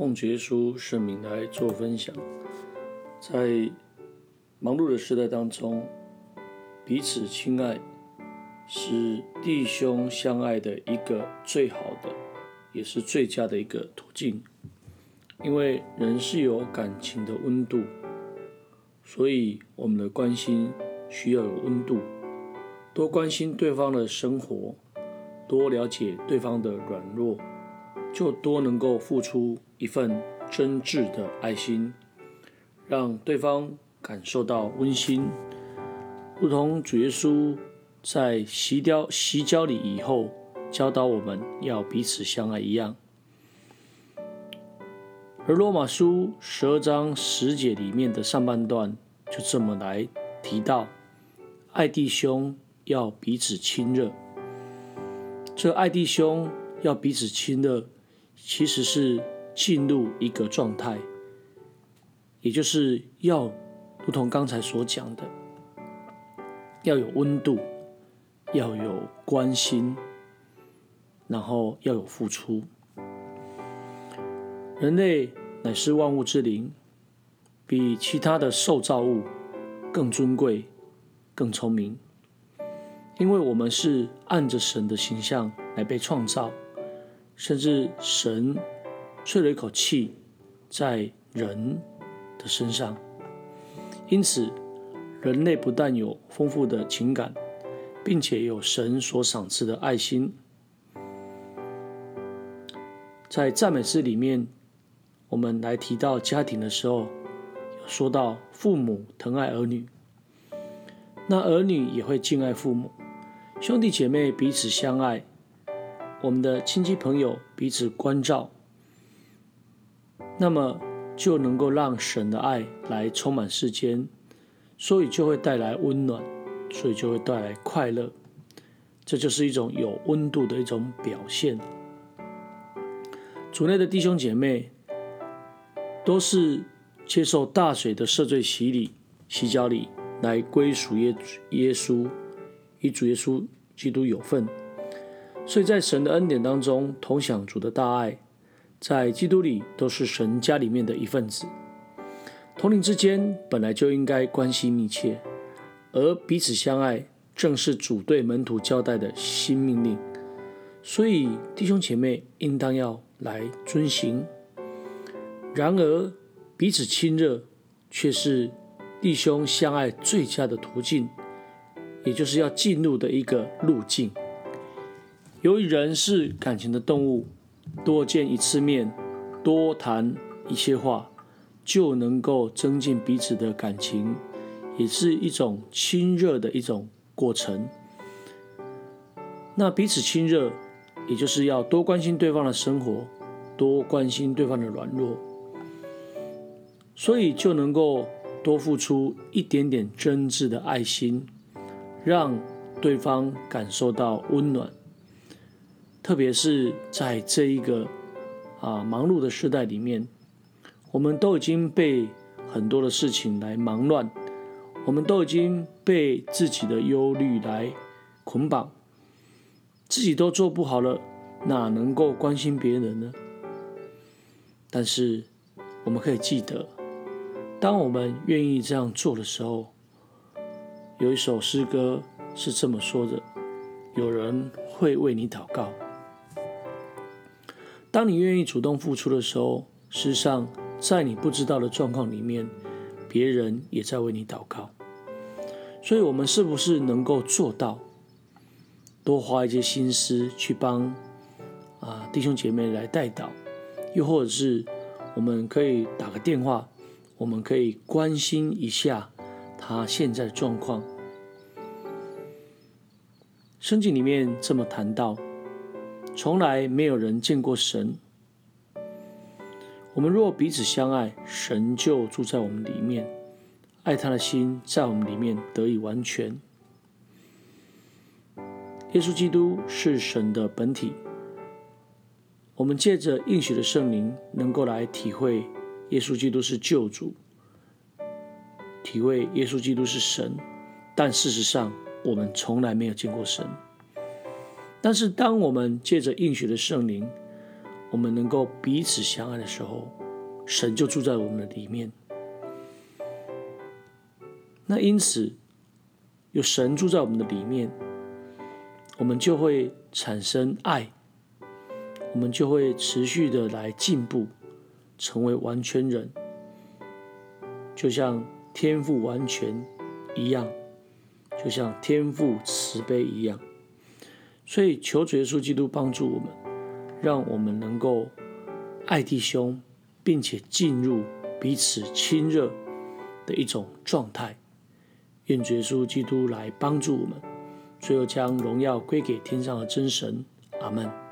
奉覺叔盛敏來做分享，在忙碌的時代當中，彼此親愛是弟兄相愛的一個最好的，也是最佳的一個途徑。因為人是有感情的溫度，所以我們的關心需要有溫度，多關心對方的生活，多了解對方的軟弱，就多能夠付出。一份真摯的愛心，讓對方感受到溫馨，如同主耶穌在洗腳、洗腳禮以後教導我們要彼此相愛一樣。而羅馬書十二章十節裡面的上半段就這麼來提到：愛弟兄要彼此親熱。這個、愛弟兄要彼此親熱，其實是。進入一個狀態，也就是要如同剛才所講的，要有溫度，要有關心，然後要有付出。人類乃是萬物之靈，比其他的受造物更尊貴、更聰明，因為我們是按着神的形象來被創造，甚至神。吹了一口氣，在人的身上，因此人類不但有豐富的情感，並且有神所賞賜的愛心。在讚美詩裡面，我們來提到家庭的時候，說到父母疼愛兒女，那兒女也會敬愛父母；兄弟姐妹彼此相愛，我們的親戚朋友彼此關照。那麼就能夠讓神的愛來充滿世間，所以就會帶來溫暖，所以就會帶來快樂。這就是一種有溫度的一種表現。主內的弟兄姐妹都是接受大水的赦罪洗禮、洗腳禮來歸屬耶耶穌，與主耶穌基督有份，所以在神的恩典當中同享主的大愛。在基督裡都是神家裡面的一份子，同靈之間本來就應該關係密切，而彼此相愛正是主對門徒交代的新命令，所以弟兄姐妹應當要來遵行。然而，彼此親熱卻是弟兄相愛最佳的途徑，也就是要進入的一個路徑。由於人是感情的動物。多見一次面，多談一些話，就能夠增進彼此的感情，也是一種親熱的一種過程。那彼此親熱，也就是要多關心對方的生活，多關心對方的軟弱。所以就能夠多付出一點點真摯的愛心，讓對方感受到溫暖。特別是在這一個啊忙碌的世代裡面，我們都已經被很多的事情來忙亂，我們都已經被自己的憂慮來捆綁，自己都做不好了，哪能夠關心別人呢？但是我們可以記得，當我們願意這樣做的時候，有一首詩歌是這麼說的：有人會為你禱告。當你願意主動付出的時候，事實上，在你不知道的狀況裡面，別人也在為你禱告。所以，我們是不是能夠做到多花一些心思去幫啊弟兄姐妹來代禱？又或者是我們可以打個電話，我們可以關心一下他現在的狀況？聖經裡面這麼談到。從來沒有人見過神。我們若彼此相愛，神就住在我們裡面，愛他的心在我們裡面得以完全。耶穌基督是神的本體，我們借着應許的聖靈，能夠來體會耶穌基督是救主，體會耶穌基督是神。但事實上，我們從來沒有見過神。但是，當我們借着應許的聖靈，我們能夠彼此相愛的時候，神就住在我們的裡面。那因此，有神住在我們的裡面，我們就會產生愛，我們就會持續的來進步，成為完全人，就像天父完全一樣，就像天父慈悲一樣。所以求主耶穌基督幫助我們，讓我們能夠愛弟兄，並且進入彼此親熱的一種狀態。願主耶穌基督來幫助我們，最後將榮耀歸給天上的真神。阿門。